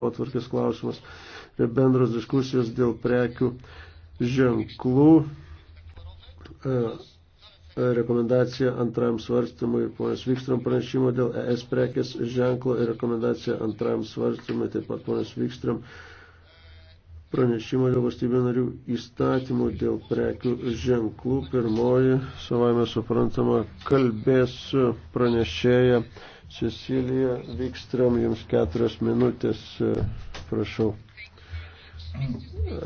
potvarkės klausimas ir bendros diskusijos dėl prekių ženklų. E, rekomendacija antram svarstymui, ponas Vykstrom pranešimo dėl ES prekės ženklo ir rekomendacija antram svarstymui, taip pat ponas Vykstrom pranešimo dėl valstybių narių įstatymų dėl prekių ženklų. Pirmoji, savame suprantama, kalbės pranešėja Cecilija Vikstram, jums keturios minutės, e, prašau.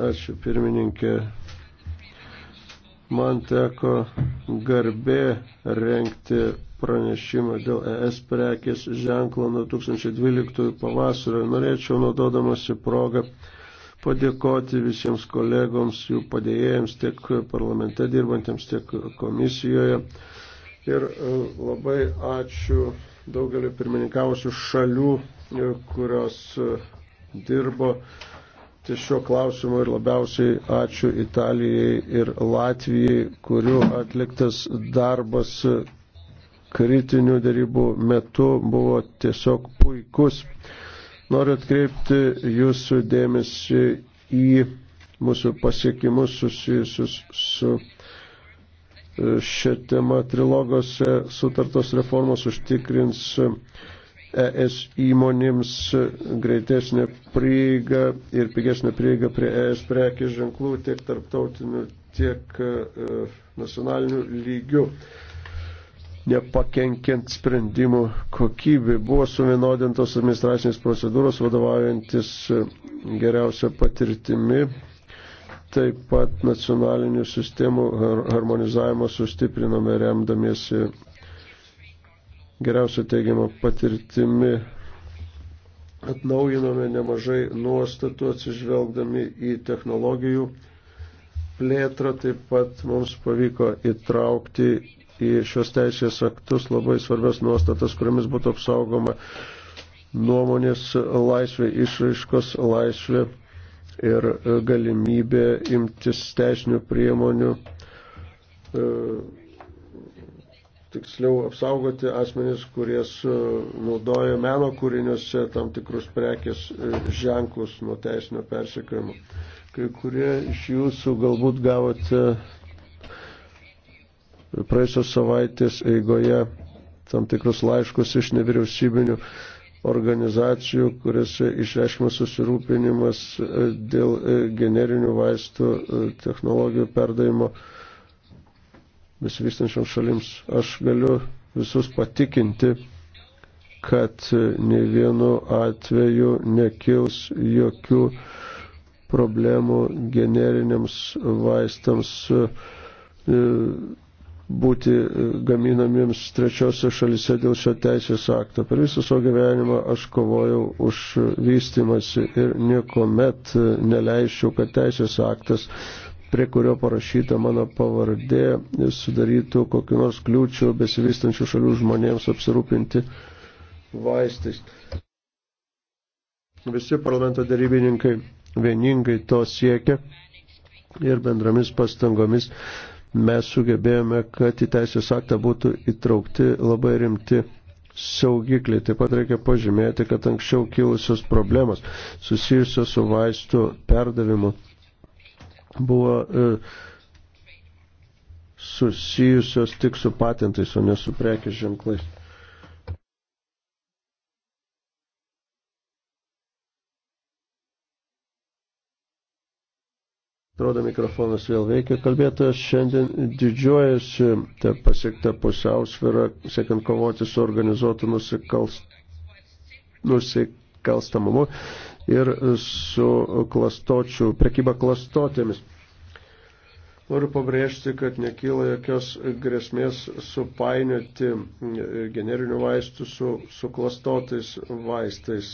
Ačiū pirmininkė. Man teko garbė renkti pranešimą dėl ES prekės ženklo nuo 2012 pavasario. Norėčiau, naudodamasi progą, padėkoti visiems kolegoms, jų padėjėjams, tiek parlamente dirbantiems, tiek komisijoje. Ir e, labai ačiū daugelį pirmininkavusių šalių, e, kurios e, dirbo ties šiuo klausimu ir labiausiai ačiū Italijai ir Latvijai, kurių atliktas darbas kritinių darybų metu buvo tiesiog puikus. Noriu atkreipti jūsų dėmesį į mūsų pasiekimus susijusius su. su šią temą trilogose sutartos reformos užtikrins ES įmonėms greitesnė prieiga ir pigesnė prieiga prie ES prekės ženklų tiek tarptautinių, tiek e, nacionalinių lygių nepakenkiant sprendimų kokybė. Buvo suvienodintos administracinės procedūros vadovaujantis geriausia patirtimi taip pat nacionalinių sistemų harmonizavimo sustiprinome remdamiesi geriausia teigiama patirtimi. Atnaujinome nemažai nuostatų atsižvelgdami į technologijų plėtrą, taip pat mums pavyko įtraukti į šios teisės aktus labai svarbias nuostatas, kuriamis būtų apsaugoma nuomonės laisvė, išraiškos laisvė ir e, galimybė imtis teisinių priemonių, e, tiksliau apsaugoti asmenys, kurie naudoja meno kūriniuose tam tikrus prekės e, ženklus nuo teisinio persikėjimo. Kai kurie iš jūsų galbūt gavote praėjusios savaitės eigoje tam tikrus laiškus iš nevyriausybinių organizacijų, kuriuose išreiškimas susirūpinimas e, dėl e, generinių vaistų e, technologijų perdavimo besivystančiam šalims. Aš galiu visus patikinti, kad ne vienu atveju nekils jokių problemų generiniams vaistams būti e, gaminamiems trečiose šalise dėl šio teisės akto. Per visą savo gyvenimą aš kovojau už vystimąsi ir niekuomet e, neleiščiau, kad teisės aktas, prie kurio parašyta mano pavardė, sudarytų kokį nors kliūčių besivystančių šalių žmonėms apsirūpinti vaistais. Visi parlamento darybininkai vieningai to siekia ir bendromis pastangomis mes sugebėjome, kad į teisės aktą būtų įtraukti labai rimti saugikliai. Taip pat reikia pažymėti, kad anksčiau kilusios problemos susijusios su vaistų perdavimu buvo e, susijusios tik su patentais, o ne su prekės ženklais. Atrodo, mikrofonas vėl veikia. Kalbėtojas šiandien didžiuojasi tą pasiektą pusiausvyrą, siekiant kovoti su organizuotu nusikals... nusikalstamumu ir su klastočių, prekyba klastotėmis. Noriu pabrėžti, kad nekyla jokios grėsmės supainioti generinių vaistų su, su klastotais vaistais.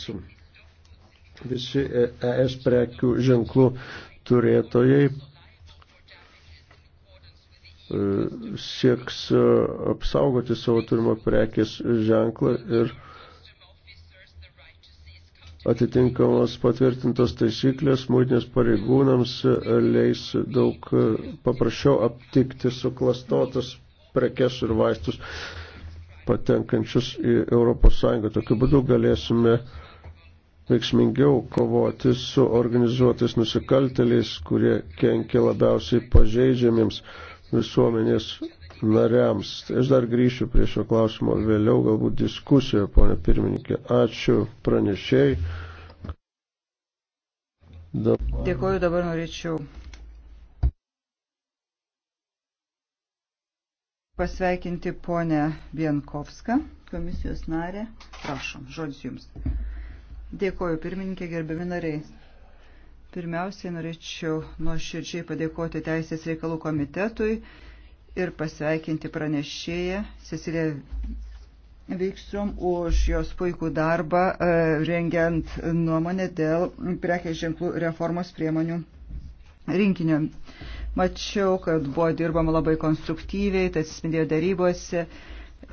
Visi ES e prekių ženklų turėtojai e, sieks e, apsaugoti savo turimą prekės ženklą ir atitinkamos patvirtintos taisyklės mūtinės pareigūnams leis daug e, paprasčiau aptikti suklastotas prekes ir vaistus patenkančius į ES. Tokiu būdu galėsime uh, veiksmingiau kovoti su organizuotais nusikalteliais, kurie kenkia labiausiai pažeidžiamiems visuomenės nariams. Tai aš dar grįšiu prie šio klausimo vėliau, galbūt diskusijoje, ponė pirmininkė. Ačiū pranešėjai. Dabar... Dėkuoju, dabar norėčiau pasveikinti ponę Bienkovską, komisijos narę. Prašom, žodis jums. Dėkoju, pirmininkė, gerbiami nariai. Pirmiausiai norėčiau nuoširdžiai padėkoti Teisės reikalų komitetui ir pasveikinti pranešėją Cecilę Veikstrom už jos puikų darbą e, rengiant nuomonę dėl prekės ženklų reformos priemonių rinkinio. Mačiau, kad buvo dirbama labai konstruktyviai, tai atsispindėjo darybose.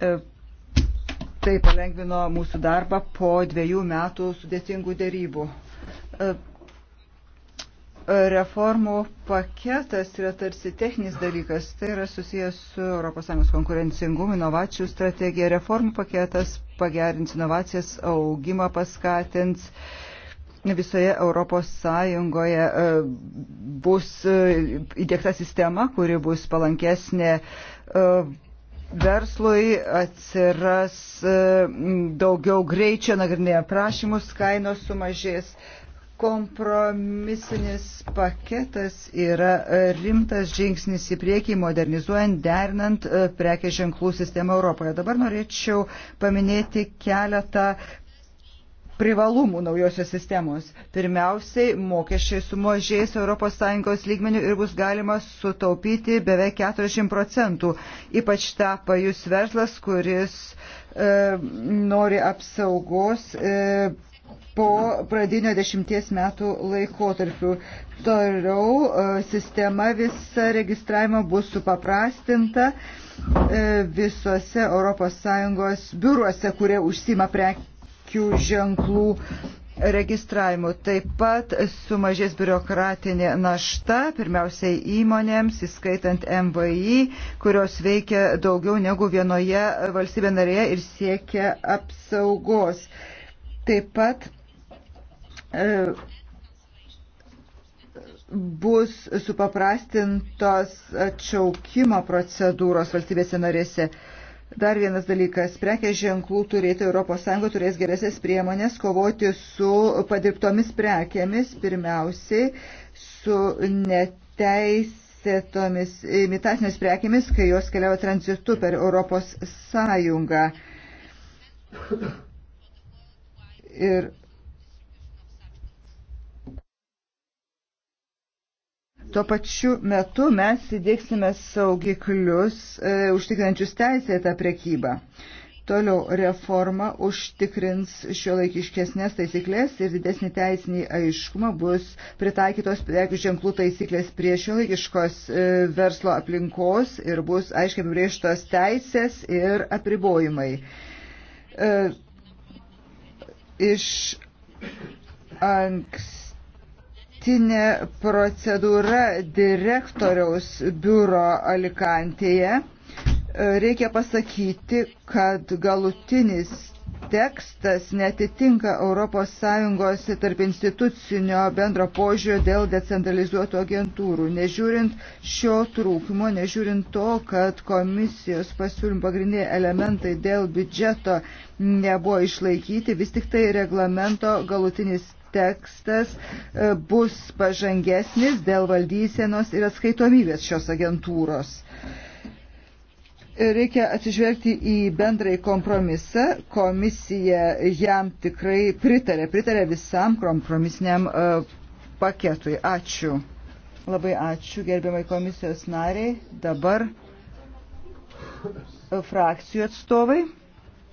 E, tai palengvino mūsų darbą po dviejų metų sudėtingų dėrybų. E, e, reformų paketas yra tarsi techninis dalykas, tai yra susijęs su ES konkurencingumu, inovacijų strategija. Reformų paketas pagerins inovacijas, augimą paskatins visoje Europos Sąjungoje e, bus įdėkta sistema, kuri bus palankesnė verslui atsiras e, daugiau greičio nagrinėję prašymus, kainos sumažės. Kompromisinis paketas yra e, rimtas žingsnis į priekį, modernizuojant, dernant e, prekės ženklų sistemą Europoje. Dabar norėčiau paminėti keletą privalumų naujosios sistemos. Pirmiausiai, mokesčiai sumažės ES lygmenių ir bus galima sutaupyti beveik 40 procentų. Ypač tą pajus verslas, kuris e, nori apsaugos. E, Po pradinio dešimties metų laikotarpių toliau e, sistema visa registravimo bus supaprastinta e, visose ES biuruose, kurie užsima prekių prekių ženklų registravimu. Taip pat sumažės biurokratinė našta, pirmiausiai įmonėms, įskaitant MVI, kurios veikia daugiau negu vienoje valstybė narėje ir siekia apsaugos. Taip pat e, bus supaprastintos atšaukimo procedūros valstybėse narėse. E, Dar vienas dalykas, prekės ženklų turėti ES turės geresnės priemonės kovoti su padirbtomis prekėmis, pirmiausiai su neteisėtomis imitacinės prekėmis, kai jos keliauja tranzitu per ES. Ir Tuo pačiu metu mes įdėksime saugiklius e, užtikrinančius teisėtą prekybą. Toliau reforma užtikrins šio laikiškesnės taisyklės ir didesnį teisinį aiškumą bus pritaikytos prekių ženklų taisyklės prie šio laikiškos e, verslo aplinkos ir bus aiškiai apibrieštos teisės ir apribojimai. E, iš anks dabartinė procedūra direktoriaus biuro Alikantėje, reikia pasakyti, kad galutinis tekstas netitinka ES tarp institucinio bendro požiūrio dėl decentralizuotų agentūrų. Nežiūrint šio trūkumo, nežiūrint to, kad komisijos pasiūlymų pagrindiniai elementai dėl biudžeto nebuvo išlaikyti, vis tik tai reglamento galutinis tekstas e, bus pažangesnis dėl valdysenos ir atskaitomybės šios agentūros. Reikia atsižvelgti į bendrąjį kompromisą. Komisija jam tikrai pritarė, pritarė visam kompromisiniam e, paketui. Ačiū. Labai ačiū gerbiamai komisijos nariai. Dabar e, frakcijų atstovai.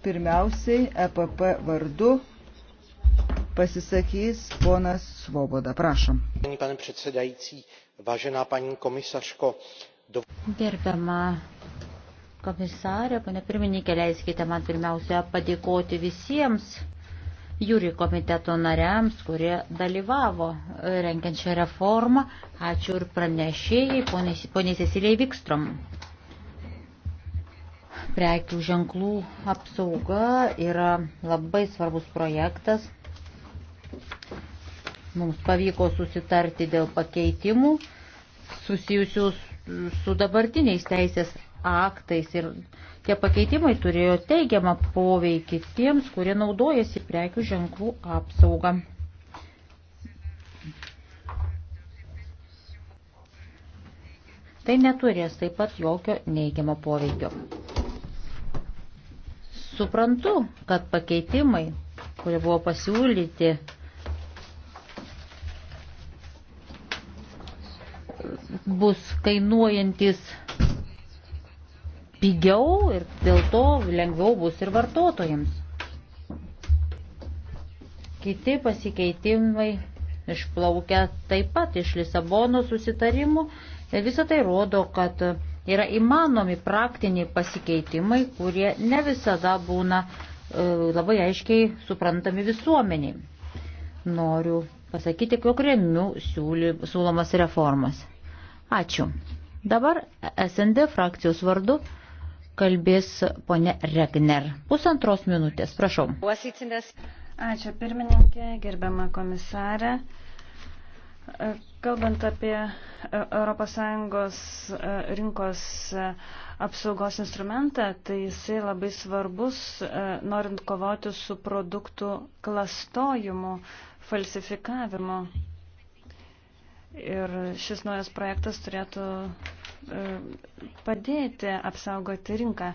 Pirmiausiai EPP vardu pasisakys ponas Svoboda. Prašom. Gerbiama komisarė, pane pirmininkė, leiskite man pirmiausia padėkoti visiems jūri komiteto nariams, kurie dalyvavo renkiančią reformą. Ačiū ir pranešėjai, poniai Cecilijai Vikstrom. Prekių ženklų apsauga yra labai svarbus projektas Mums pavyko susitarti dėl pakeitimų susijusių su dabartiniais teisės aktais ir tie pakeitimai turėjo teigiamą poveikį tiems, kurie naudojasi prekių ženklų apsaugą. Tai neturės taip pat jokio neigiamo poveikio. Suprantu, kad pakeitimai, kurie buvo pasiūlyti, bus kainuojantis pigiau ir dėl to lengviau bus ir vartotojams. Kiti pasikeitimai išplaukia taip pat iš Lisabono susitarimų ir visą tai rodo, kad yra įmanomi praktiniai pasikeitimai, kurie ne visada būna e, labai aiškiai suprantami visuomeniai. Noriu pasakyti, jog remiu siūlymas reformas. Ačiū. Dabar SND frakcijos vardu kalbės ponė Regner. Pusantros minutės, prašau. Ačiū pirmininkė, gerbiama komisarė. Kalbant apie ES rinkos apsaugos instrumentą, tai jisai labai svarbus, norint kovoti su produktų klastojimu, falsifikavimu. Ir šis naujas projektas turėtų e, padėti apsaugoti rinką.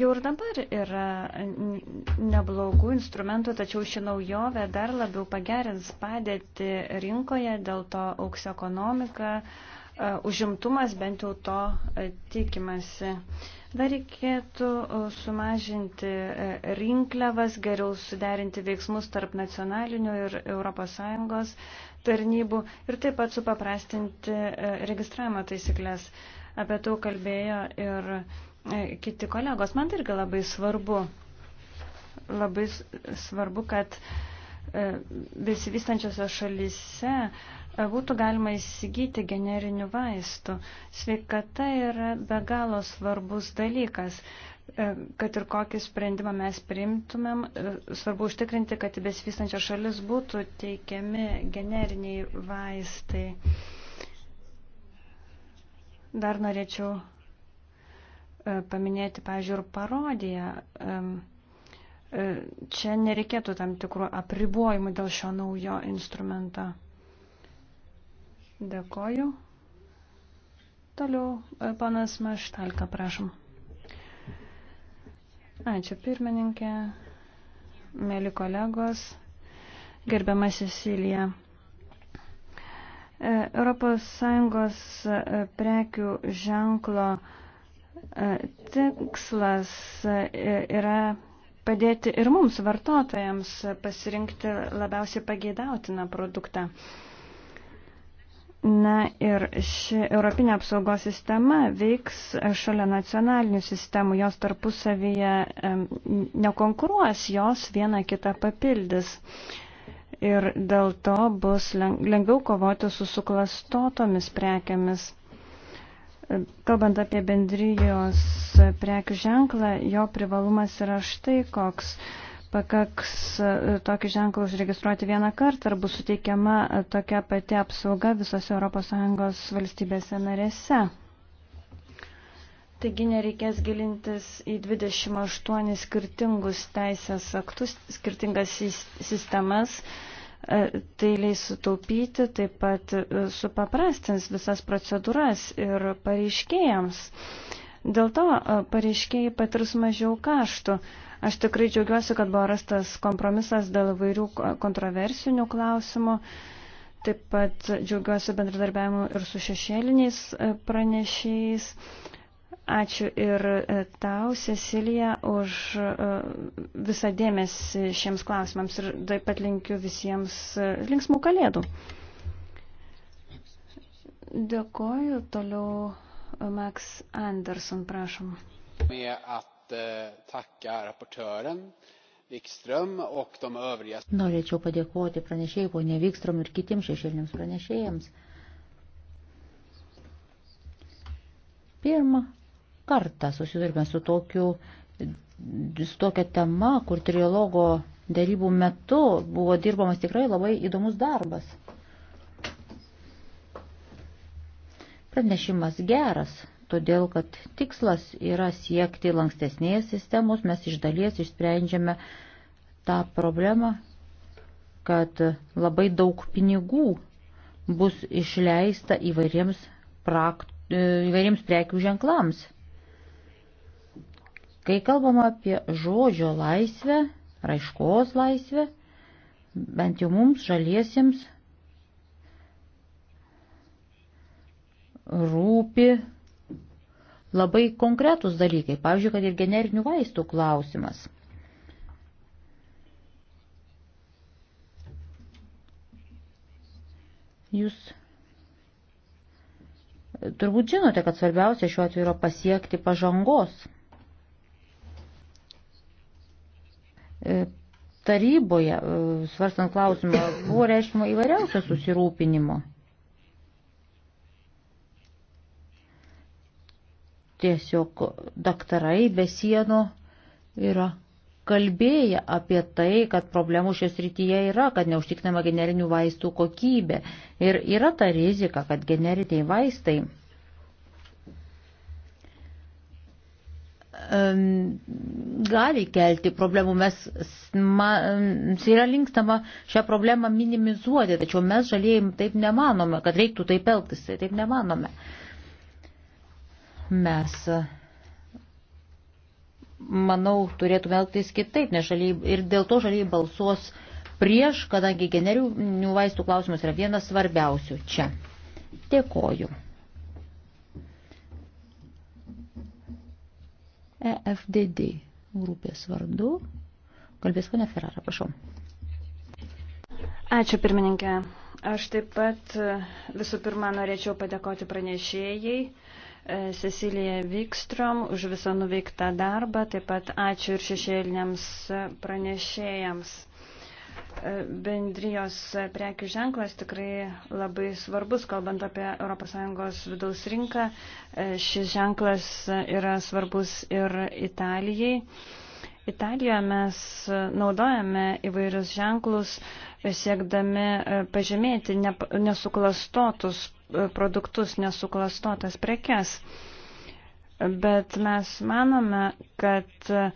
Jau ir dabar yra neblogų instrumentų, tačiau ši naujovė dar labiau pagerins padėti rinkoje, dėl to auks ekonomika, e, užimtumas bent jau to e, tikimasi. Dar reikėtų sumažinti rinkliavas, geriau suderinti veiksmus tarp nacionalinių ir ES, tarnybų ir taip pat supaprastinti e, registravimo taisyklės. Apie tai kalbėjo ir e, kiti kolegos. Man tai irgi labai svarbu, labai svarbu, kad e, besivystančiose šalyse būtų galima įsigyti generinių vaistų. Sveikata yra be galo svarbus dalykas. E, kad ir kokį sprendimą mes priimtumėm, e, svarbu užtikrinti, kad į besivystančią šalis būtų teikiami generiniai vaistai. Dar norėčiau e, paminėti, pavyzdžiui, ir parodiją. Čia nereikėtų tam tikrų apribojimų dėl šio naujo instrumento. Dėkoju. Toliau panas Maštalka, prašom. Ačiū pirmininkė, mėly kolegos, gerbiama Cecilija. ES e, prekių ženklo e, tikslas e, yra padėti ir mums vartotojams pasirinkti labiausiai pageidautiną produktą. Na ir ši Europinė apsaugos sistema veiks šalia nacionalinių sistemų, jos tarpusavyje nekonkuruos, jos viena kitą papildys. Ir dėl to bus lengviau kovoti su suklastotomis prekiamis. Kalbant apie bendrijos prekių ženklą, jo privalumas yra štai koks pakaks e, tokį ženklą užregistruoti vieną kartą ar bus suteikiama e, tokia pati apsauga visose ES valstybėse narėse. Taigi nereikės gilintis į 28 skirtingus teisės aktus, skirtingas sistemas, e, tai leis sutaupyti, taip pat supaprastins visas procedūras ir pareiškėjams. Dėl to pareiškėjai patirs mažiau kaštų. Aš tikrai džiaugiuosi, kad buvo rastas kompromisas dėl vairių kontroversinių klausimų. Taip pat džiaugiuosi bendradarbiavimu ir su šešėliniais e, pranešiais. Ačiū ir e, tau, Cecilija, už e, visą dėmesį šiems klausimams ir taip pat linkiu visiems linksmų kalėdų. Dėkoju, toliau Max Anderson, prašom. Eh, Norėčiau padėkoti pranešėjai ponė Vikstrom ir kitiems šešėliniams pranešėjams. Pirmą kartą susidurime su, tokiu, su tokia tema, kur trilogo darybų metu buvo dirbamas tikrai labai įdomus darbas. Pranešimas geras, todėl kad tikslas yra siekti lankstesnės sistemos, mes iš dalies išsprendžiame tą problemą, kad labai daug pinigų bus išleista įvairiems, prakt, įvairiems prekių ženklams. Kai kalbama apie žodžio laisvę, raiškos laisvę, bent jau mums žaliesiems rūpi labai konkretus dalykai, pavyzdžiui, kad ir generinių vaistų klausimas. Jūs turbūt žinote, kad svarbiausia šiuo atveju yra pasiekti pažangos. E, taryboje, e, svarstant klausimą, buvo reiškimo įvairiausio susirūpinimo. Tiesiog daktarai be sienų yra kalbėję apie tai, kad problemų šios rytyje yra, kad neužtiknama generinių vaistų kokybė ir yra ta rizika, kad generiniai vaistai um, gali kelti problemų. Mes ma, yra linkstama šią problemą minimizuoti, tačiau mes žalėjim taip nemanome, kad reiktų taip elgtis, tai taip nemanome. Uh, Mes, manau, turėtume elgtis kitaip, nes žaliai, ir dėl to žaliai balsuos prieš, kadangi generinių vaistų klausimas yra vienas svarbiausių čia. Dėkoju. EFDD grupės vardu. Kalbės ponia Ferrara, prašau. Ačiū pirmininkė. Aš taip pat visų pirma norėčiau padėkoti pranešėjai E, Cecilija Vikstrom už visą nuveiktą darbą, taip pat ačiū ir šešėliniams pranešėjams. E, Bendrijos prekių ženklas tikrai labai svarbus, kalbant apie ES vidaus rinką. E, šis ženklas yra svarbus ir Italijai. Italijoje mes naudojame įvairius ženklus, siekdami pažymėti nesuklastotus produktus, nesuklastotas prekes. Bet mes manome, kad e,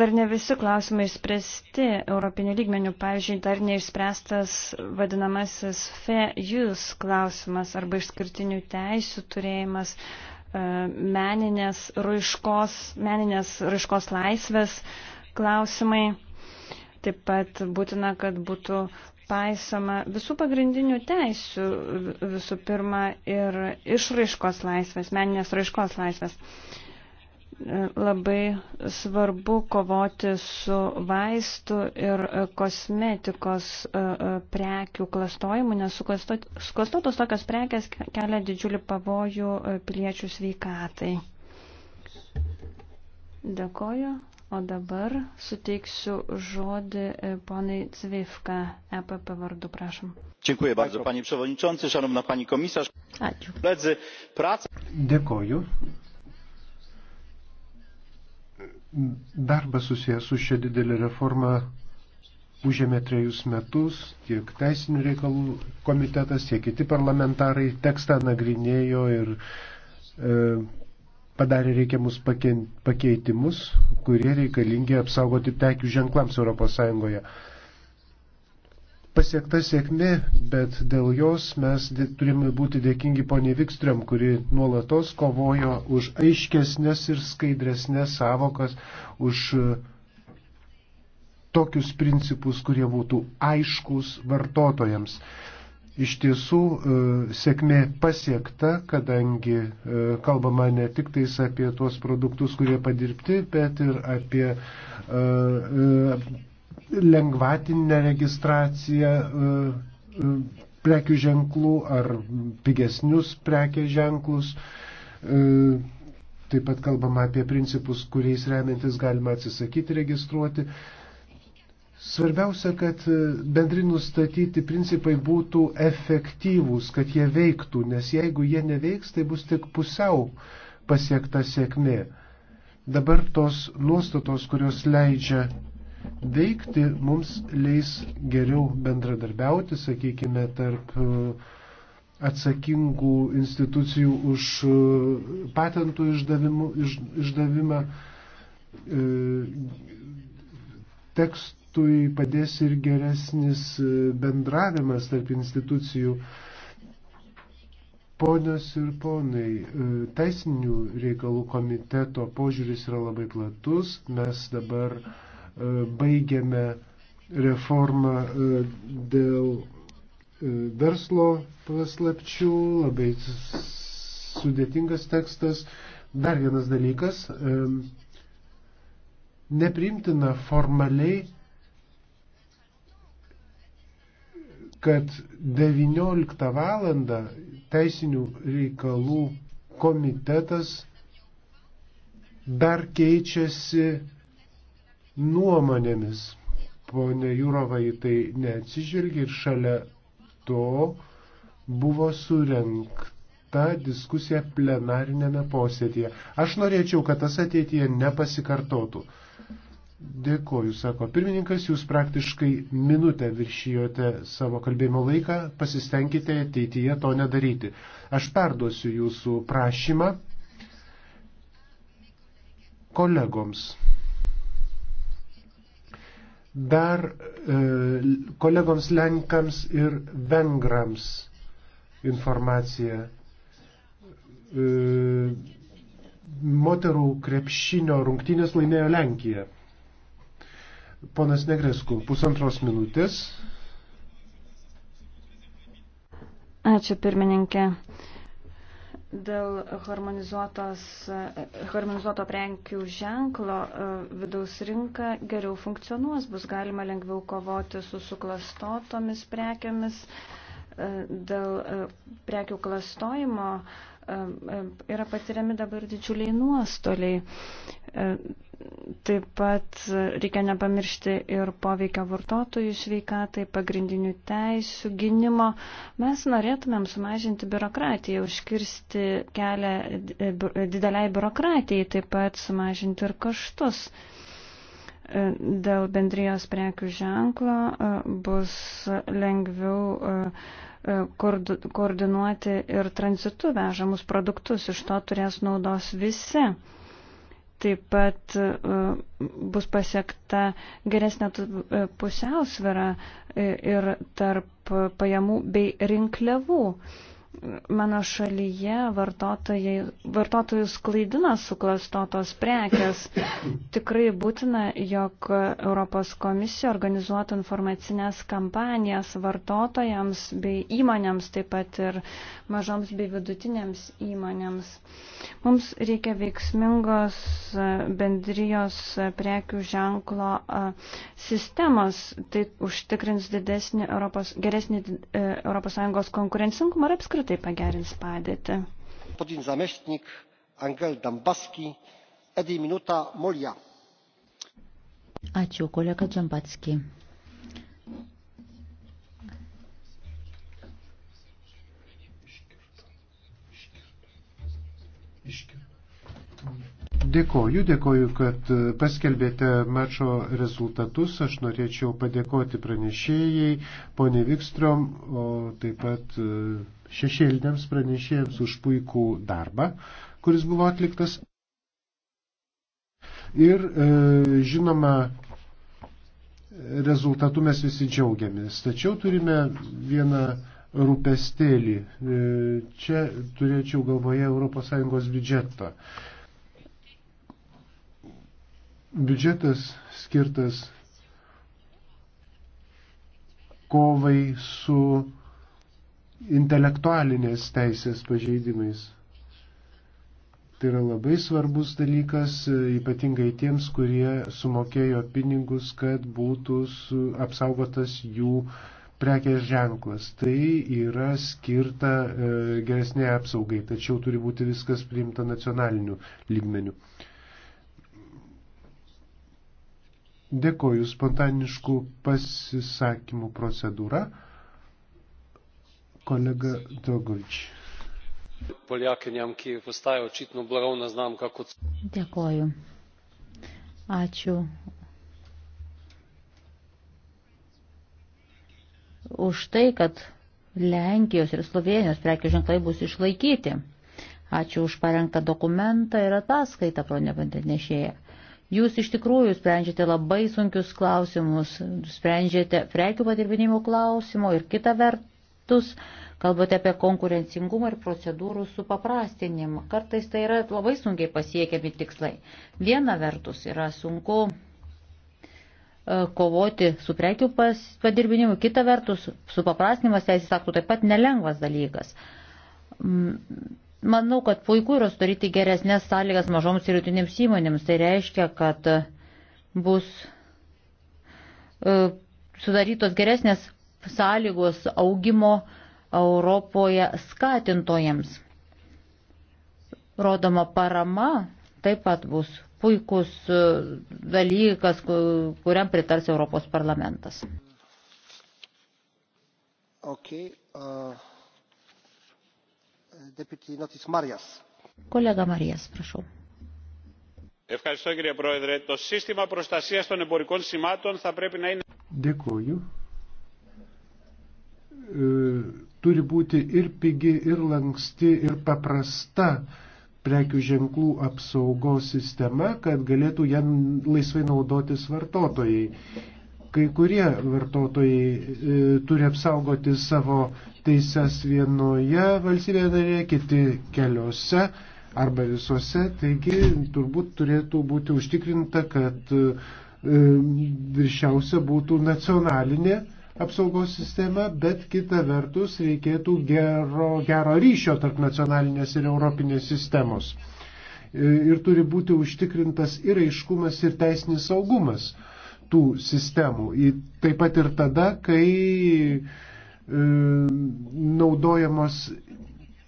dar ne visi klausimai išspręsti europinių lygmenių. Pavyzdžiui, dar neišspręstas vadinamasis fair use klausimas arba išskirtinių teisių turėjimas e, meninės raiškos, meninės raiškos laisvės klausimai. Taip pat būtina, kad būtų paisoma visų pagrindinių teisių, visų pirma, ir išraiškos laisvės, meninės raiškos laisvės. Labai svarbu kovoti su vaistų ir kosmetikos e, e, prekių klastojimu, nes suklastotos tokios prekės kelia didžiulį pavojų e, piliečių sveikatai. Dėkoju. O dabar suteiksiu žodį e, ponai Cvivka, EPP vardu, prašom. Dziękuję bardzo, panie przewodniczący, szanowna pani komisarz. Ačiū. Koledzy, praca... Dėkoju. Darbas susijęs su šia didelė reforma užėmė trejus metus, tiek teisinių reikalų komitetas, tiek kiti parlamentarai tekstą nagrinėjo ir e, padarė reikiamus pakeitimus, kurie reikalingi apsaugoti prekių ženklams ES. Pasiekta sėkmė, bet dėl jos mes turime būti dėkingi poniai Vikström, kuri nuolatos kovojo už aiškesnės ir skaidresnės savokas, už tokius principus, kurie būtų aiškus vartotojams. Iš tiesų e, sėkmė pasiekta, kadangi e, kalbama ne tik tais apie tuos produktus, kurie padirbti, bet ir apie e, lengvatinę registraciją prekių ženklų ar pigesnius prekės ženklus. Taip pat kalbama apie principus, kuriais remiantis galima atsisakyti registruoti Svarbiausia, kad e, bendri nustatyti principai būtų efektyvūs, kad jie veiktų, nes jeigu jie neveiks, tai bus tik pusiau pasiekta sėkmė. Dabar tos nuostatos, kurios leidžia veikti, mums leis geriau bendradarbiauti, sakykime, tarp e, atsakingų institucijų už e, patentų išdavimu, iš, išdavimą, tekstų paskui padės ir geresnis e, bendravimas tarp institucijų. Ponios ir ponai, e, teisinių reikalų komiteto požiūris yra labai platus. Mes dabar e, baigiame reformą dėl verslo paslapčių, labai sudėtingas tekstas. Dar vienas dalykas, nepriimtina formaliai kad 19 val. teisinių reikalų komitetas dar keičiasi nuomonėmis. Pone Jūrova į tai neatsižvelgia ir šalia to buvo surenkta diskusija plenarinėme posėdėje. Aš norėčiau, kad tas ateityje nepasikartotų. Dėkoju, sako pirmininkas, jūs praktiškai minutę viršijote savo kalbėjimo laiką, pasistengkite ateityje to nedaryti. Aš perduosiu jūsų prašymą kolegoms. Dar e, kolegoms lenkams ir vengrams informacija. E, moterų krepšinio rungtynės laimėjo Lenkija. Ponas Negresku, pusantros minutės. Ačiū pirmininkė. Dėl harmonizuoto prekių ženklo e, vidaus rinka geriau funkcionuos, bus galima lengviau kovoti su suklastotomis prekiamis. E, dėl e, prekių klastojimo yra patiriami dabar didžiuliai nuostoliai. Taip pat reikia nepamiršti ir poveikio vartotojų sveikatai, pagrindinių teisų gynimo. Mes norėtumėm sumažinti biurokratiją, užkirsti kelią dideliai biurokratijai, taip pat sumažinti ir kaštus. Dėl bendrijos prekių ženklo e, bus lengviau e, e, koordinuoti ir tranzitu vežamus produktus. Iš to turės naudos visi. Taip pat e, bus pasiekta geresnė e, pusiausvėra e, ir tarp pajamų bei rinkliavų. Mano šalyje vartotojus klaidina suklastotos prekes. Tikrai būtina, jog Europos komisija organizuotų informacinės kampanijas vartotojams bei įmonėms, taip pat ir mažoms bei vidutinėms įmonėms. Mums reikia veiksmingos bendrijos prekių ženklo sistemos. Tai užtikrins didesnį Europos, geresnį ES konkurencingumą ir apskritai ir tai pagerins padėtį. Podin zamestnik Angel Dambaski, Edi Minuta Molja. Ačiū, kolega Džambatski. Dėkoju, dėkoju, kad paskelbėte mačo rezultatus. Aš norėčiau padėkoti pranešėjai, ponė Vikstrom, o taip pat šešėliniams pranešėjams už puikų darbą, kuris buvo atliktas. Ir e, žinoma, rezultatų mes visi džiaugiamės. Tačiau turime vieną rūpestėlį. E, čia turėčiau galvoje ES biudžetą. Biudžetas skirtas kovai su intelektualinės teisės pažeidimais. Tai yra labai svarbus dalykas, ypatingai tiems, kurie sumokėjo pinigus, kad būtų apsaugotas jų prekės ženklas. Tai yra skirta e, geresnė apsaugai, tačiau turi būti viskas priimta nacionaliniu lygmeniu. Dėkoju spontaniškų pasisakymų procedūrą. Kolega Drogovič. Poljakinjam, ki postaja očitno blagovna znamka kot. Dėkoju. Ačiū už tai, kad Lenkijos ir Slovenijos prekių ženklai bus išlaikyti. Ačiū už parengtą dokumentą ir ataskaitą, ponė vandenešėja. Jūs iš tikrųjų sprendžiate labai sunkius klausimus, sprendžiate prekių padirbinimo klausimo ir kita vert, aktus, kalbate apie konkurencingumą ir procedūrų supaprastinimą. Kartais tai yra labai sunkiai pasiekiami tikslai. Viena vertus yra sunku e, kovoti su prekių padirbinimu, kita vertus supaprastinimas teisės aktų taip pat nelengvas dalykas. Manau, kad puiku yra sudaryti geresnės sąlygas mažoms ir rytinėms įmonėms. Tai reiškia, kad bus e, sudarytos geresnės sąlygos augimo Europoje skatintojams. Rodoma parama taip pat bus puikus e, dalykas, kuriam pritars Europos parlamentas. Okay, uh, deputy Notis Marijas. Kolega Marijas, prašau. Ευχαριστώ κύριε Πρόεδρε. Το σύστημα προστασίας των εμπορικών σημάτων θα πρέπει να είναι... Dėkuoju. E, turi būti ir pigi, ir lanksti, ir paprasta prekių ženklų apsaugos sistema, kad galėtų ją laisvai naudotis vartotojai. Kai kurie vartotojai e, turi apsaugoti savo teises vienoje valstybėje narėje, kiti keliose arba visose, taigi turbūt turėtų būti užtikrinta, kad e, viršiausia būtų nacionalinė e, apsaugos sistema, bet kita vertus reikėtų gero, gero ryšio tarp nacionalinės ir europinės sistemos. E, ir turi būti užtikrintas ir aiškumas, ir teisinis saugumas tų sistemų. Taip pat ir tada, kai e, naudojamos,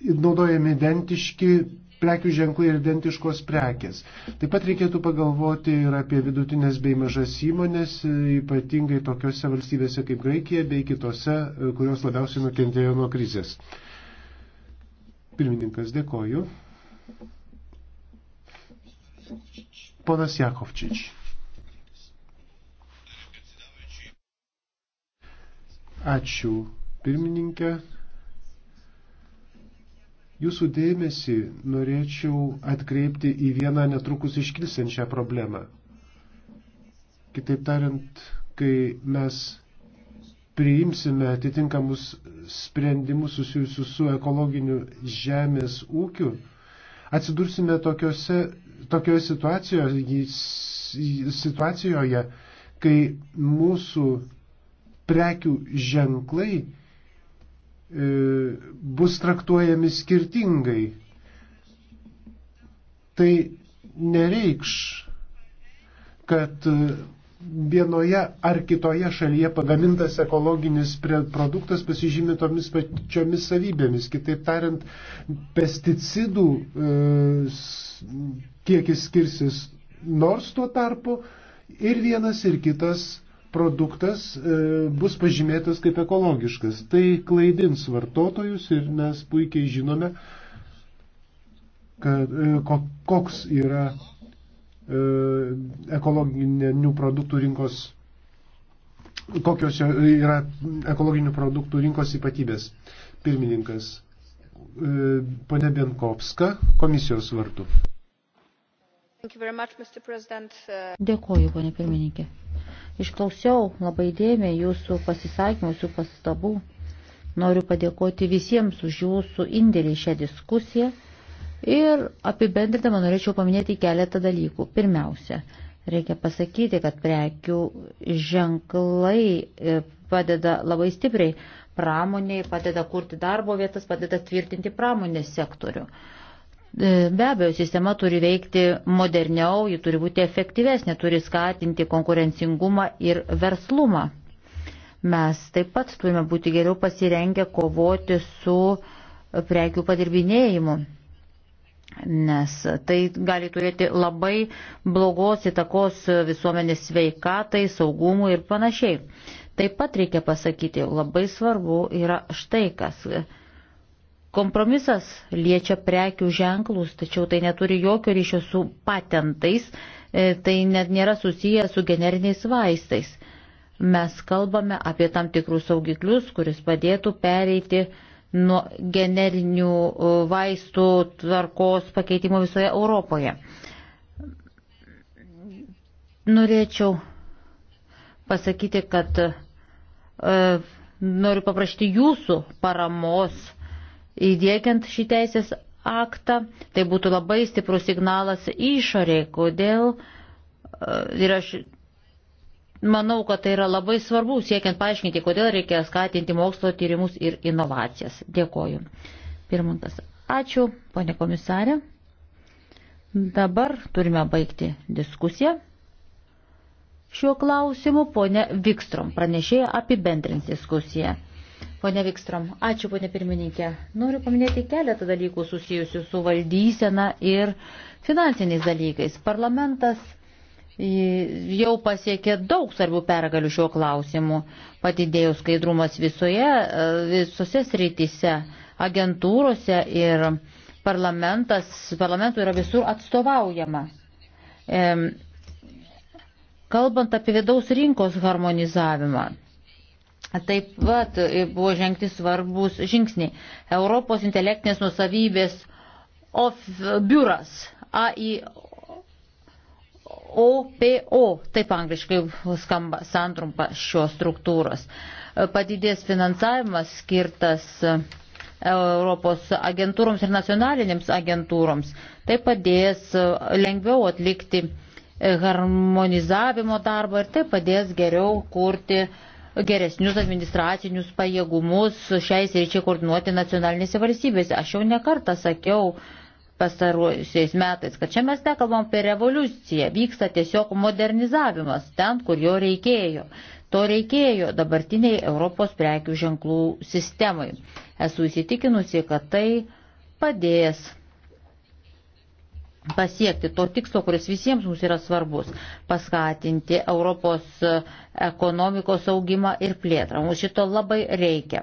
naudojami identiški prekių ženklai ir identiškos prekės. Taip pat reikėtų pagalvoti ir apie vidutinės bei mažas įmonės, ypatingai tokiose valstybėse kaip Graikija bei kitose, kurios labiausiai nukentėjo nuo krizės. Pirmininkas, dėkoju. Ponas Jakovčič. Ačiū pirmininkė. Jūsų dėmesį norėčiau atkreipti į vieną netrukus iškilsiančią problemą. Kitaip tariant, kai mes priimsime atitinkamus sprendimus susijusius su ekologiniu žemės ūkiu, atsidursime tokiose, tokioje situacijoje, situacijoje, kai mūsų prekių ženklai E, bus traktuojami skirtingai. Tai nereikš, kad vienoje ar kitoje šalyje pagamintas ekologinis produktas pasižymi tomis pačiomis savybėmis. Kitaip tariant, pesticidų e, kiekis skirsis nors tuo tarpu ir vienas ir kitas produktas e, bus pažymėtas kaip ekologiškas. Tai klaidins vartotojus ir mes puikiai žinome, kad, e, koks yra e, ekologinių produktų rinkos kokios yra ekologinių produktų rinkos ypatybės. Pirmininkas, ponė Bienkovska, komisijos vartų. Much, uh, Dėkoju, ponė pirmininkė. Išklausiau labai dėmiai jūsų pasisakymų, jūsų pastabų. Noriu padėkoti visiems už jūsų indėlį šią diskusiją ir apibendrindama norėčiau paminėti keletą dalykų. Pirmiausia, reikia pasakyti, kad prekių ženklai e, padeda labai stipriai pramoniai, padeda kurti darbo vietas, padeda tvirtinti pramonės sektorių. Uh, E, be abejo, sistema turi veikti moderniau, ji turi būti efektyvesnė, turi skatinti konkurencingumą ir verslumą. Mes taip pat turime būti geriau pasirengę kovoti su prekių padirbinėjimu, nes tai gali turėti labai blogos įtakos visuomenės sveikatai, saugumui ir panašiai. Taip pat reikia pasakyti, labai svarbu yra štai kas Kompromisas liečia prekių ženklus, tačiau tai neturi jokio ryšio su patentais, e, tai net nėra susiję su generiniais vaistais. Mes kalbame apie tam tikrus saugiklius, kuris padėtų pereiti nuo generinių e, vaistų tvarkos pakeitimo visoje Europoje. Norėčiau pasakyti, kad e, noriu paprašyti jūsų paramos įdėkiant šį teisės aktą, tai būtų labai stiprus signalas išorėje, kodėl e, ir aš manau, kad tai yra labai svarbu siekiant paaiškinti, kodėl reikia skatinti mokslo tyrimus ir inovacijas. Dėkoju. Pirmantas. Ačiū, ponė komisarė. Dabar turime baigti diskusiją. Šiuo klausimu ponė Vikstrom pranešėja apibendrins diskusiją. Pone Vikstrom, ačiū, pone pirmininkė. Noriu paminėti keletą dalykų susijusių su valdysena ir finansiniais dalykais. Parlamentas jau pasiekė daug svarbių pergalių šiuo klausimu, padidėjo skaidrumas visoje, visose srityse, agentūrose ir parlamentas, parlamentų yra visur atstovaujama. Kalbant apie vidaus rinkos harmonizavimą, Taip pat e, buvo žengti svarbus žingsniai. Europos intelektinės nusavybės of, biuras AIOPO, taip angliškai skamba santrumpa šios struktūros. E, padidės finansavimas skirtas e, Europos agentūroms ir nacionalinėms agentūroms. Tai padės lengviau atlikti harmonizavimo darbą ir tai padės geriau kurti uh, geresnius administracinius pajėgumus šiai sričiai koordinuoti nacionalinėse valstybėse. Aš jau nekartą sakiau pastaruosiais metais, kad čia mes nekalbam apie revoliuciją, vyksta tiesiog modernizavimas ten, kur jo reikėjo. To reikėjo dabartiniai Europos prekių ženklų sistemai. Esu įsitikinusi, kad tai padės pasiekti to tikslo, kuris visiems mums yra svarbus - paskatinti Europos e, ekonomikos augimą ir plėtrą. Mums šito labai reikia.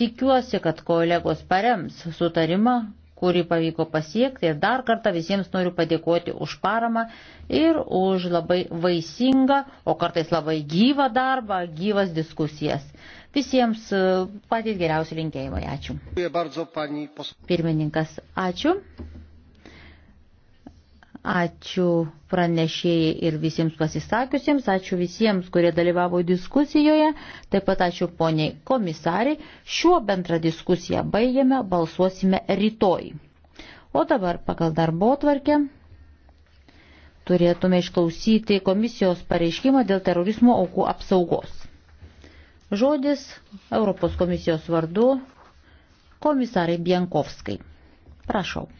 Tikiuosi, kad kolegos parems sutarimą, kurį pavyko pasiekti ir dar kartą visiems noriu padėkoti už paramą ir už labai vaisingą, o kartais labai gyvą darbą, gyvas diskusijas. Visiems e, patys geriausi linkėjimai. Ačiū. Pirmininkas, ačiū. Ačiū pranešėjai ir visiems pasisakiusiems, ačiū visiems, kurie dalyvavo diskusijoje, taip pat ačiū poniai komisariai. Šiuo bendrą diskusiją baigėme, balsuosime rytoj. O dabar pagal darbo tvarkę turėtume išklausyti komisijos pareiškimą dėl terorizmo aukų apsaugos. Žodis Europos komisijos vardu komisarai Bienkovskai. Prašau.